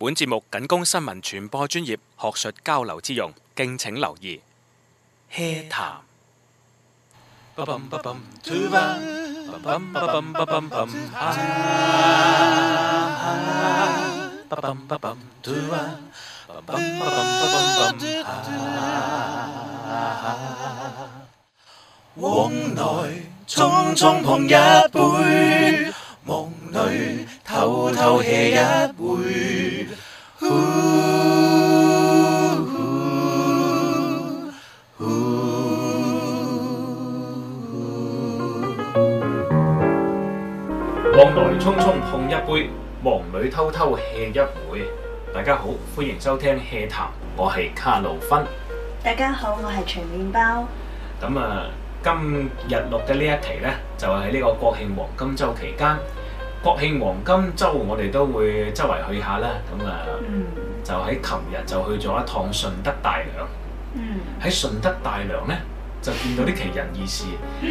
本節目僅供新聞傳播專業學術交流之用，敬請留意。Hea 談。往來匆匆碰一杯。夢裏偷偷 hea 一杯，往來匆匆碰一杯，忙裏偷偷 hea 一回。大家好，歡迎收聽 Hea 談，我係卡路芬。大家好，我係全麵包。咁啊，今日錄嘅呢一期呢，就係、喺、呢個國慶黃金周期間。國慶黃金周我哋都會周圍去下啦，咁啊、嗯、就喺琴日就去咗一趟順德、嗯、順德大良。喺順德大良呢，就見到啲奇人異事，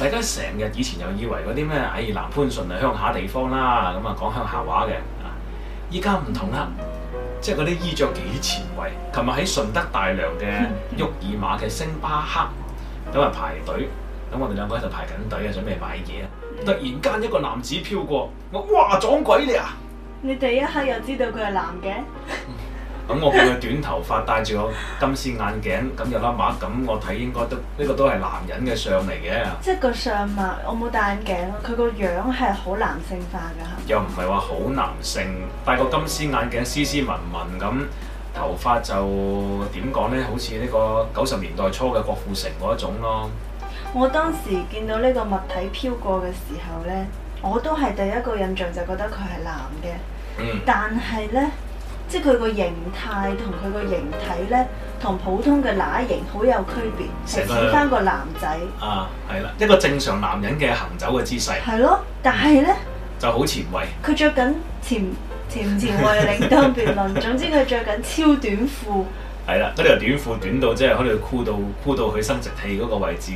大家成日以前又以為嗰啲咩唉南番順啊鄉下地方啦，咁啊講鄉下話嘅，依家唔同啦，即係嗰啲衣着幾前衞。琴日喺順德大良嘅沃爾瑪嘅星巴克，咁啊排隊，咁我哋兩個喺度排緊隊啊，準備買嘢。突然間一個男子飄過，我哇，撞鬼你啊！你第一刻又知道佢係男嘅？咁 我見佢短頭髮，戴住個金絲眼鏡，咁有粒墨，咁我睇應該都呢個都係男人嘅相嚟嘅。即係個相嘛，我冇戴眼鏡，佢個樣係好男性化噶。又唔係話好男性，戴個金絲眼鏡斯斯文文咁，頭髮就點講呢？好似呢個九十年代初嘅郭富城嗰一種咯。我當時見到呢個物體飄過嘅時候呢，我都係第一個印象就覺得佢係男嘅。嗯、但係呢，即係佢個形態同佢個形體呢，同普通嘅乸型好有區別。成個了。似翻個男仔。啊，係啦，一個正常男人嘅行走嘅姿勢。係咯，但係呢，嗯、就好前衛。佢着緊前前唔前衛另當別論，總之佢着緊超短褲。係啦，嗰條短褲短到、嗯、即係可能箍到箍到佢生殖器嗰個位置，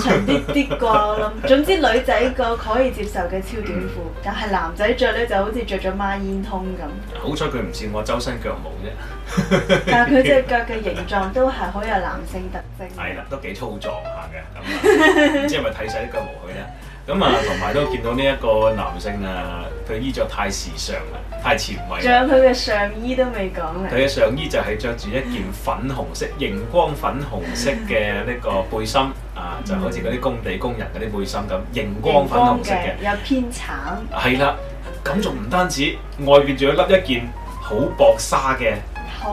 長啲啲啩。我諗總之女仔個可以接受嘅超短褲，嗯、但係男仔着咧就好似着咗孖煙通咁。好彩佢唔似我周身腳毛啫。 但係佢隻腳嘅形狀都係好有男性特徵，係啦，都幾粗壯下嘅，咁即係咪睇晒啲腳毛去咧？咁啊，同埋都見到呢一個男性啊，佢衣着太時尚啦，太前衛。仲有佢嘅上衣都未講咧。佢嘅上衣就係着住一件粉紅色、熒光粉紅色嘅呢個背心 啊,就好似嗰啲工地工人嗰啲背心咁，熒光粉紅色嘅，有偏橙。係啦，咁仲唔單止外邊仲有粒一件好薄紗嘅。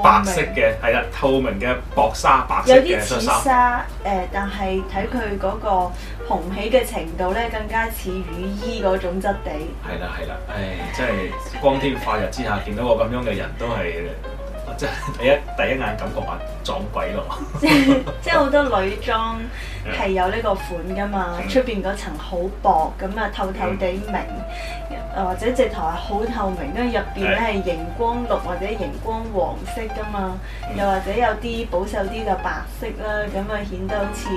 白色嘅，係啊，透明嘅薄紗白色嘅紗，誒、呃，但係睇佢嗰個紅起嘅程度咧，更加似雨衣嗰種質地。係啦，係啦，誒，真係光天化日之下見到個咁樣嘅人都係。即係第一第一眼感覺話撞鬼咯， 即係即係好多女裝係有呢個款噶嘛，出邊嗰層好薄咁啊透透地明，嗯、或者直頭係好透明，因為入邊咧係熒光綠或者熒光黃色噶嘛，嗯、又或者有啲保守啲就白色啦，咁啊顯得好似誒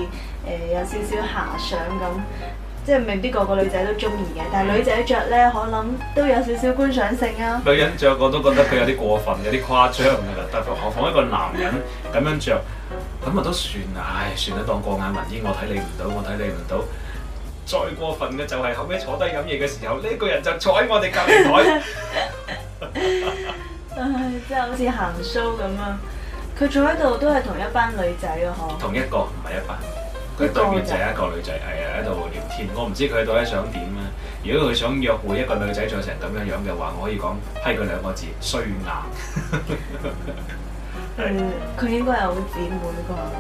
有少少遐想咁。即係未必個個女仔都中意嘅，但係女仔着咧，可能都有少少觀賞性啊。女人着我都覺得佢有啲過分，有啲誇張嘅啦。 但係，何況一個男人咁樣着，咁啊都算啦。唉、哎，算啦，當過眼雲煙。我睇你唔到，我睇你唔到。 再過分嘅就係後尾坐低飲嘢嘅時候，呢、這個人就坐喺我哋隔離台。唉、 哎，真係好似行 show 咁啊！佢坐喺度都係同一班女仔咯，嗬。同一個唔係一班。佢對面就係一個女仔，誒喺度聊天。我唔知佢到底想點啦。如果佢想約會一個女仔做成咁樣樣嘅話，我可以講批佢兩個字衰硬。佢 是、嗯、應該係好姊妹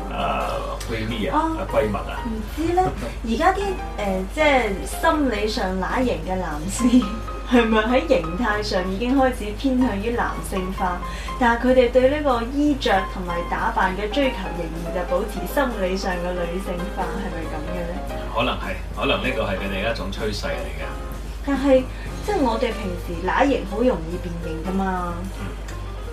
啩？誒，閨蜜啊，閨蜜啊。唔知咧，而家啲誒，即係心理上乸型嘅男士。係咪喺形態上已經開始偏向於男性化？但係佢哋對呢個衣着同埋打扮嘅追求仍然就保持心理上嘅女性化，係咪咁嘅呢？可能係，可能呢個係佢哋嘅一種趨勢嚟㗎。但係即係我哋平時乸型好容易辨認㗎嘛，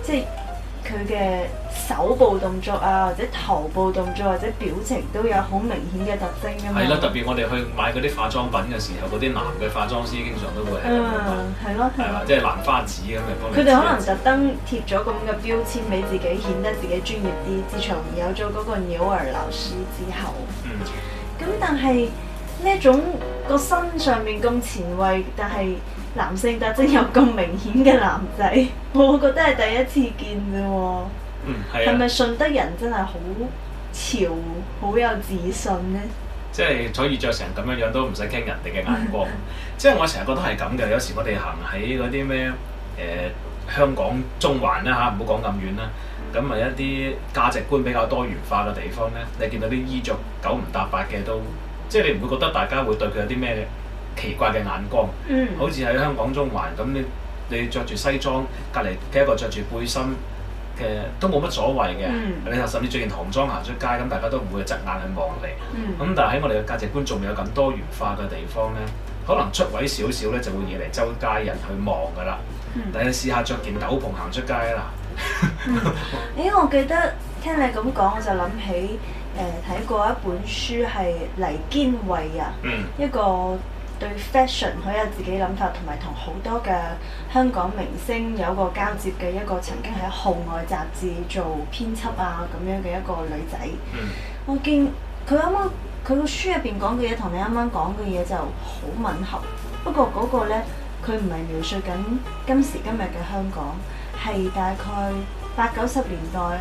即係。佢嘅手部動作啊，或者頭部動作，或者表情都有好明顯嘅特徵噶嘛。係咯，特別我哋去買嗰啲化妝品嘅時候，嗰啲男嘅化妝師經常都會係咁樣咯，係咯、嗯，即係蘭花指咁嚟幫佢。佢哋可能特登貼咗咁嘅標籤俾自己，顯得自己專業啲。自從有咗嗰個鳥兒老師之後，咁、嗯、但係呢一種個身上面咁前衞，但係。男性特徵有咁明顯嘅男仔，我覺得係第一次見啫喎。嗯，係、啊。係咪順德人真係好潮、好有自信呢？即係可以着成咁樣樣都唔使傾人哋嘅眼光。 即係我成日覺得係咁嘅。有時我哋行喺嗰啲咩誒香港中環咧吓，唔好講咁遠啦。咁咪一啲價值觀比較多元化嘅地方咧，你見到啲衣着九唔搭八嘅都，即係你唔會覺得大家會對佢有啲咩？奇怪嘅眼光，嗯、好似喺香港中環咁，你你著住西裝，隔離嘅一個着住背心嘅、呃、都冇乜所謂嘅。你、嗯、甚至著件唐裝行出街，咁大家都唔會有側眼去望你。咁、嗯嗯、但係喺我哋嘅價值觀仲未有咁多元化嘅地方咧，可能出位少少咧，就會惹嚟周街人去望㗎啦。你、嗯、試下着件斗篷行出街啊！咦、嗯 欸，我記得聽你咁講，我就諗起誒睇、呃、過一本書係黎堅惠啊，嗯嗯、一個。對 fashion 可以有自己諗法，同埋同好多嘅香港明星有一個交接嘅一個曾經喺《號外》雜誌做編輯啊咁樣嘅一個女仔。嗯。Mm. 我見佢啱啱佢個書入邊講嘅嘢，同你啱啱講嘅嘢就好吻合。不過嗰個咧，佢唔係描述緊今時今日嘅香港，係大概八九十年代，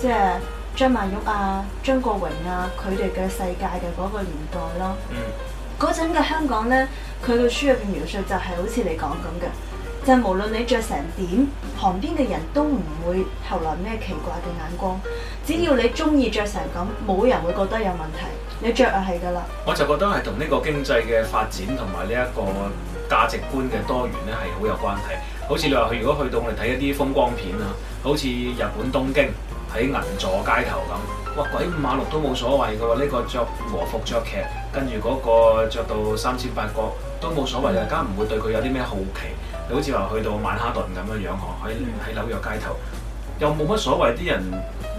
即係張曼玉啊、張國榮啊佢哋嘅世界嘅嗰個年代咯。嗯。Mm. 嗰陣嘅香港呢，佢個書入邊描述就係好似你講咁嘅，就係無論你着成點，旁邊嘅人都唔會投來咩奇怪嘅眼光，只要你中意着成咁，冇人會覺得有問題，你着啊係噶啦。我就覺得係同呢個經濟嘅發展同埋呢一個價值觀嘅多元呢係好有關係，好似你話佢如果去到我哋睇一啲風光片啊，好似日本東京喺銀座街頭咁。哇！鬼五馬六都冇所謂嘅喎，呢、這個著和服著劇，跟住嗰個著到三千八角都冇所謂，大家唔會對佢有啲咩好奇。你好似話去到曼哈頓咁樣樣，嗬，喺喺紐約街頭又冇乜所謂，啲人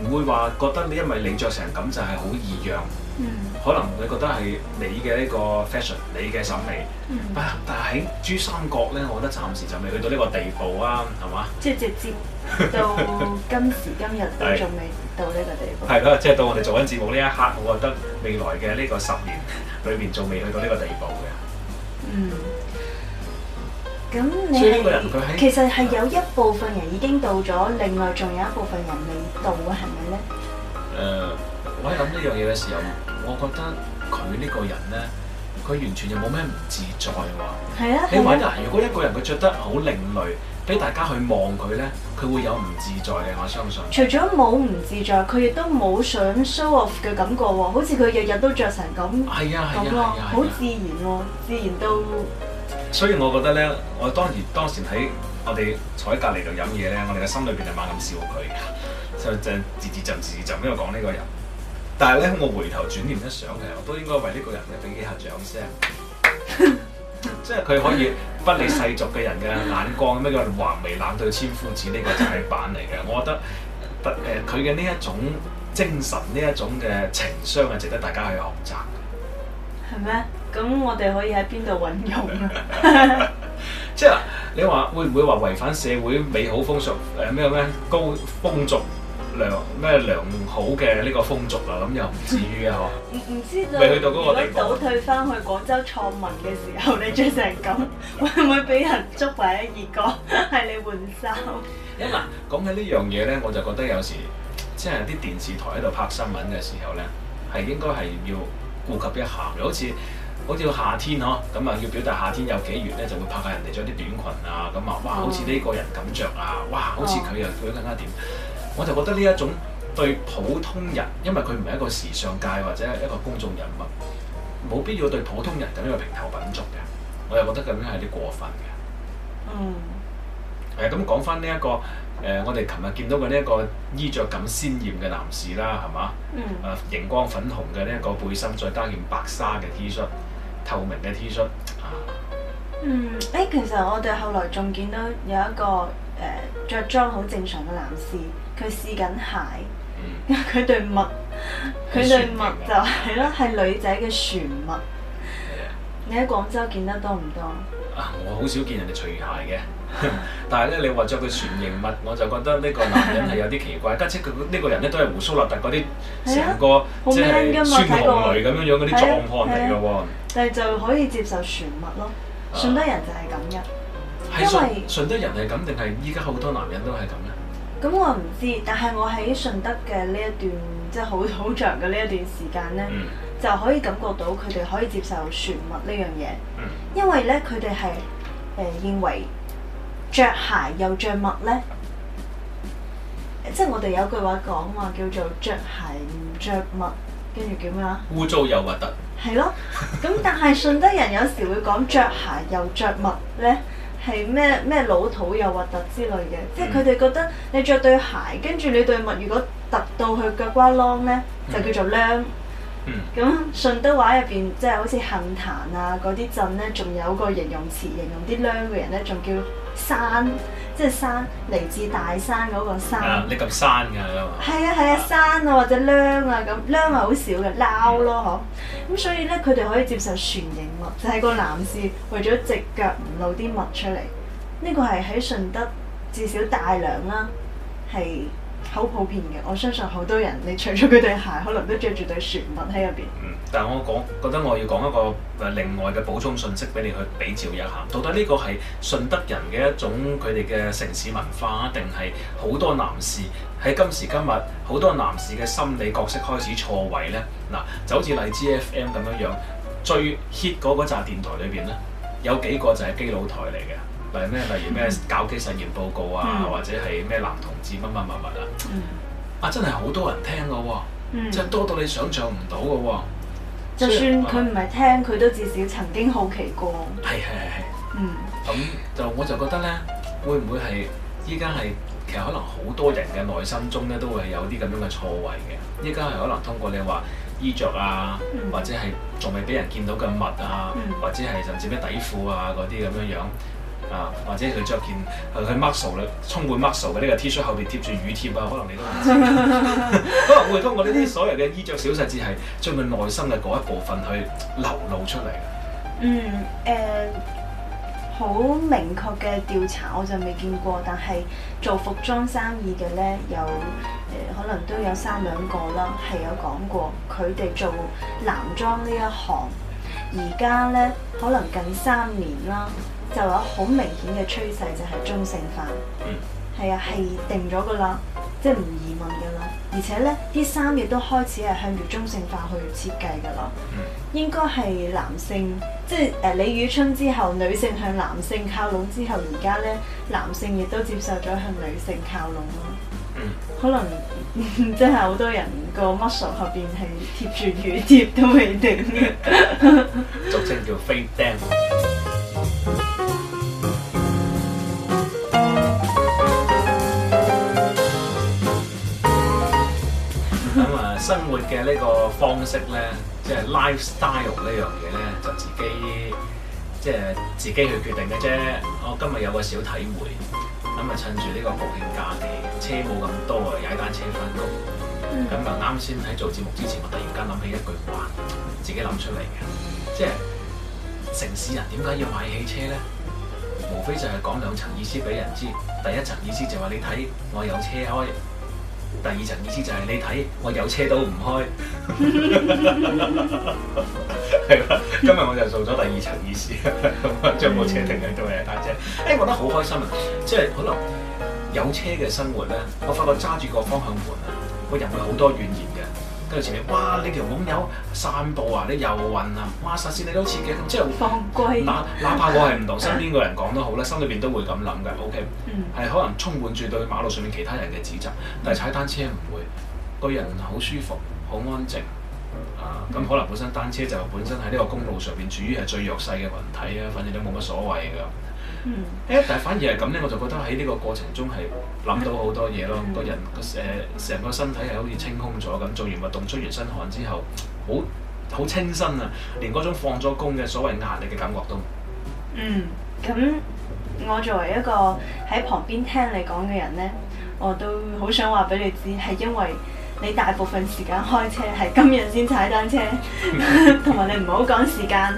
唔會話覺得你因為你着成咁就係好異樣。嗯，可能你覺得係你嘅呢個 fashion，、嗯、你嘅審美，嗯、但係喺珠三角咧，我覺得暫時就未去到呢個地步啊，係嘛？即係直接到今時今日都仲 未到呢個地步。係咯，即係到我哋做緊節目呢一刻，我覺得未來嘅呢個十年裏面仲未去到呢個地步嘅。嗯，咁你，呢個人佢喺其實係有一部分人已經到咗，啊、另外仲有一部分人未到，係咪咧？誒，我喺諗呢樣嘢嘅時候，我覺得佢呢個人咧，佢完全就冇咩唔自在喎。係啊，你搵難。啊、如果一個人佢着得好另類，俾大家去望佢咧，佢會有唔自在嘅。我相信。除咗冇唔自在，佢亦都冇想 show off 嘅感覺喎。好似佢日日都着成咁，係、哎、啊，咁樣啊，好、啊、自然喎、哦，啊啊、自然到。所以我覺得咧，我當時當時喺我哋坐喺隔籬度飲嘢咧，我哋嘅心裏邊係猛咁笑佢。就正字字斟字字斟，咁樣講呢個人，但係咧，我回頭轉念一想，其實我都應該為呢個人嘅俾幾下掌聲， 即係佢可以不理世俗嘅人嘅眼光，咩叫橫眉冷對千夫指呢個就係板嚟嘅？我覺得誒，佢嘅呢一種精神，呢一種嘅情商係值得大家去學習。係咩？ 咁我哋可以喺邊度運用啊？ 即係你話會唔會話違反社會美好風俗誒？咩咩高風俗？良咩良好嘅呢個風俗啊，咁又唔至於嘅嗬。唔知未去到嗰個地步。如果倒退翻去廣州創文嘅時候，你著成咁，會唔會俾人捉為一異國？係你換衫。因為、嗯、講起呢樣嘢咧，我就覺得有時即係啲電視台喺度拍新聞嘅時候咧，係應該係要顧及一下。又好似好似夏天呵，咁啊要表達夏天有幾熱咧，就會拍下人哋着啲短裙啊，咁啊哇，好似呢個人咁着啊，哇，好似佢又佢更加點？我就覺得呢一種對普通人，因為佢唔係一個時尚界或者一個公眾人物，冇必要對普通人咁樣評頭品足嘅，我又覺得咁樣係啲過分嘅。嗯。誒、哎，咁講翻呢一個誒、呃，我哋琴日見到嘅呢一個衣着咁鮮豔嘅男士啦，係嘛？嗯。誒、啊，熒光粉紅嘅呢一個背心，再加件白紗嘅 T 恤，透明嘅 T 恤。啊、嗯。誒、哎，其實我哋後來仲見到有一個誒、呃、着裝好正常嘅男士。佢試緊鞋，佢對襪，佢對襪就係咯，係女仔嘅船襪。你喺廣州見得多唔多？啊，我好少見人哋除鞋嘅，但係咧你話着對船形襪，我就覺得呢個男人係有啲奇怪。家姐佢呢個人咧，都係鬍鬚立突嗰啲，成個即係川紅雷咁樣樣嗰啲壯漢嚟嘅喎。但係就可以接受船襪咯。順德人就係咁嘅，因為順德人係咁定係依家好多男人都係咁嘅？咁我唔知，但係我喺順德嘅呢一段即係好好長嘅呢一段時間咧，嗯、就可以感覺到佢哋可以接受穿襪呢樣嘢，嗯、因為咧佢哋係誒認為着鞋又着襪咧，即係我哋有句話講啊叫做着鞋唔着襪，跟住叫咩啊？污糟又核突。係咯，咁但係順德人有時會講着鞋又着襪咧。係咩咩老土又核突之類嘅，即係佢哋覺得你著對鞋，跟住你對襪如果突到去腳瓜窿咧，就叫做靚。嗯咁、嗯、順德話入邊，即、就、係、是、好似杏壇啊嗰啲鎮咧，仲有個形容詞形容啲孃嘅人咧，仲叫山，即係山嚟自大山嗰個山。你咁山㗎嘛？係啊係啊，山啊或者孃啊咁，孃啊，好少嘅撈咯嗬。咁、嗯、所以咧，佢哋可以接受船形襪，就係、是、個男士為咗直腳唔露啲襪出嚟。呢、這個係喺順德至少大良啦、啊，係。好普遍嘅，我相信好多人，你除咗佢對鞋，可能都着住對船襪喺入邊。嗯，但係我講覺得我要講一個誒、呃、另外嘅補充信息俾你去比照一下，到底呢個係順德人嘅一種佢哋嘅城市文化，定係好多男士喺今時今日好多男士嘅心理角色開始錯位呢？嗱，就好似荔枝 FM 咁樣樣，最 hit 嗰個集電台裏邊呢，有幾個就係基佬台嚟嘅。例如咩搞基實驗報告啊，嗯、或者係咩男同志乜乜乜物啊，嗯、啊真係好多人聽咯、啊，即係、嗯、多到你想像唔到嘅、啊。就算佢唔係聽，佢、啊、都至少曾經好奇過。係係係係。嗯，咁就我就覺得咧，會唔會係依家係其實可能好多人嘅內心中咧都會有啲咁樣嘅錯位嘅？依家係可能通過你話衣着啊，嗯、或者係仲未俾人見到嘅物啊，嗯、或者係甚至咩底褲啊嗰啲咁樣樣。啊，或者佢着件佢 muscle 咧，充滿 muscle 嘅呢個 T 恤，後邊貼住雨貼啊，可能你都唔知。 可能會通過呢啲所謂嘅衣着小細節，係將佢內心嘅嗰一部分去流露出嚟。嗯，誒、呃，好明確嘅調查我就未見過，但係做服裝生意嘅咧，有誒、呃、可能都有三兩個啦，係有講過佢哋做男裝呢一行，而家咧可能近三年啦。就有好明顯嘅趨勢，就係中性化。係啊、嗯，係定咗噶啦，即係唔移民噶啦。而且咧，啲衫亦都開始係向住中性化去設計噶啦。嗯、應該係男性，即係誒李宇春之後，女性向男性靠攏之後，而家咧男性亦都接受咗向女性靠攏咯。嗯、可能、嗯、真係好多人個 muscle 後邊係貼住乳貼都未定嘅， 俗稱叫飛釘。生活嘅呢個方式呢，即係 lifestyle 呢樣嘢呢，就自己即係自己去決定嘅啫。我今日有個小體會，咁啊趁住呢個國慶假期，車冇咁多啊，踩單車翻工。咁啊啱先喺做節目之前，我突然間諗起一句話，自己諗出嚟嘅，即係城市人點解要買汽車呢？無非就係講兩層意思俾人知。第一層意思就話你睇我有車開。第二層意思就係你睇，我有車都唔開，係啦。 今日我就做咗第二層意思，將 部車停喺度嘅，但係誒，我覺得好開心啊！即係可能有車嘅生活咧，我發覺揸住個方向盤啊，個人會好多怨言嘅。前面，哇！你條網友散步啊，你遊魂啊，哇、啊！啊啊啊、實線你都似嘅，咁、嗯、即係放歸。哪怕我係唔同身邊個人講都好咧，心裏邊都會咁諗嘅。O K，係可能充滿住對馬路上面其他人嘅指責，但係踩單車唔會個人好舒服，好安靜啊。咁可能本身單車就本身喺呢個公路上面，處於係最弱勢嘅羣體啊。反正都冇乜所謂㗎。誒，嗯、但係反而係咁咧，我就覺得喺呢個過程中係諗到好多嘢咯，嗯、個人個誒成個身體係好似清空咗咁，做完運動出完身汗之後，好好清新啊，連嗰種放咗工嘅所謂壓力嘅感覺都。嗯，咁我作為一個喺旁邊聽你講嘅人咧，我都好想話俾你知，係因為。你大部分時間開車係今日先踩單車，同 埋你唔好趕， 趕時間。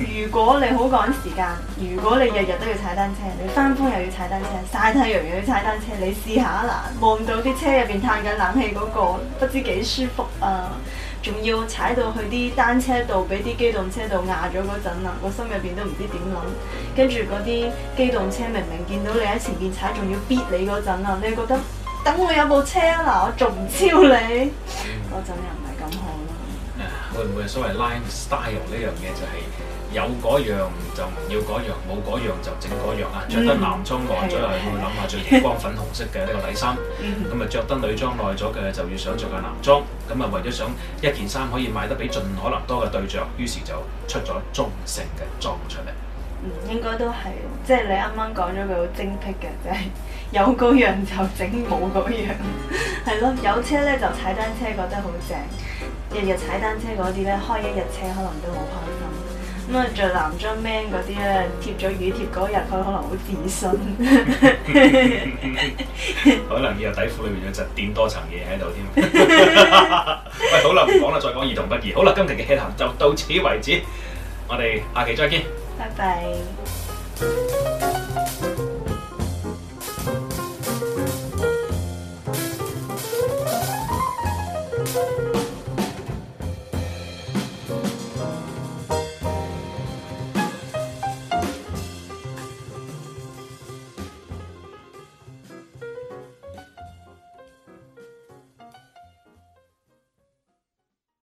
如果你好趕時間，如果你日日都要踩單車，你翻風又要踩單車，曬太陽又要踩單車，你試下啦。望到啲車入邊嘆緊冷氣嗰、嗰個，不知幾舒服啊！仲要踩到去啲單車度，俾啲機動車度壓咗嗰陣啊，個心入邊都唔知點諗。跟住嗰啲機動車明明見到你喺前面踩，仲要逼你嗰陣啊，你覺得？等我有部車嗱，我仲唔超你？嗰陣、嗯、又唔係咁好咯。啊，會唔會所謂 lifestyle 呢樣嘢就係有嗰樣就唔要嗰樣，冇嗰樣就整嗰樣啊？著得男裝耐咗又會諗下着熒光粉紅色嘅呢個底衫。咁啊，着得女裝耐咗嘅就要想着個男裝。咁啊，為咗想一件衫可以賣得畀盡可能多嘅對著，於是就出咗中性嘅裝出嚟。嗯，應該都係，即係你啱啱講咗佢好精辟嘅，就係、是、有嗰樣就整冇嗰樣，係 咯，有車咧就踩單車覺得好正，日日踩單車嗰啲咧開一日車可能都好開心。咁啊着男裝 man 嗰啲咧貼咗乳貼嗰日，佢可能好自信。 可能以後底褲裏面有就墊多層嘢喺度添。 喂，好啦，唔講啦，再講兒童不宜。好啦，今期嘅 Hea 談就到此為止，我哋下期再見。拜拜。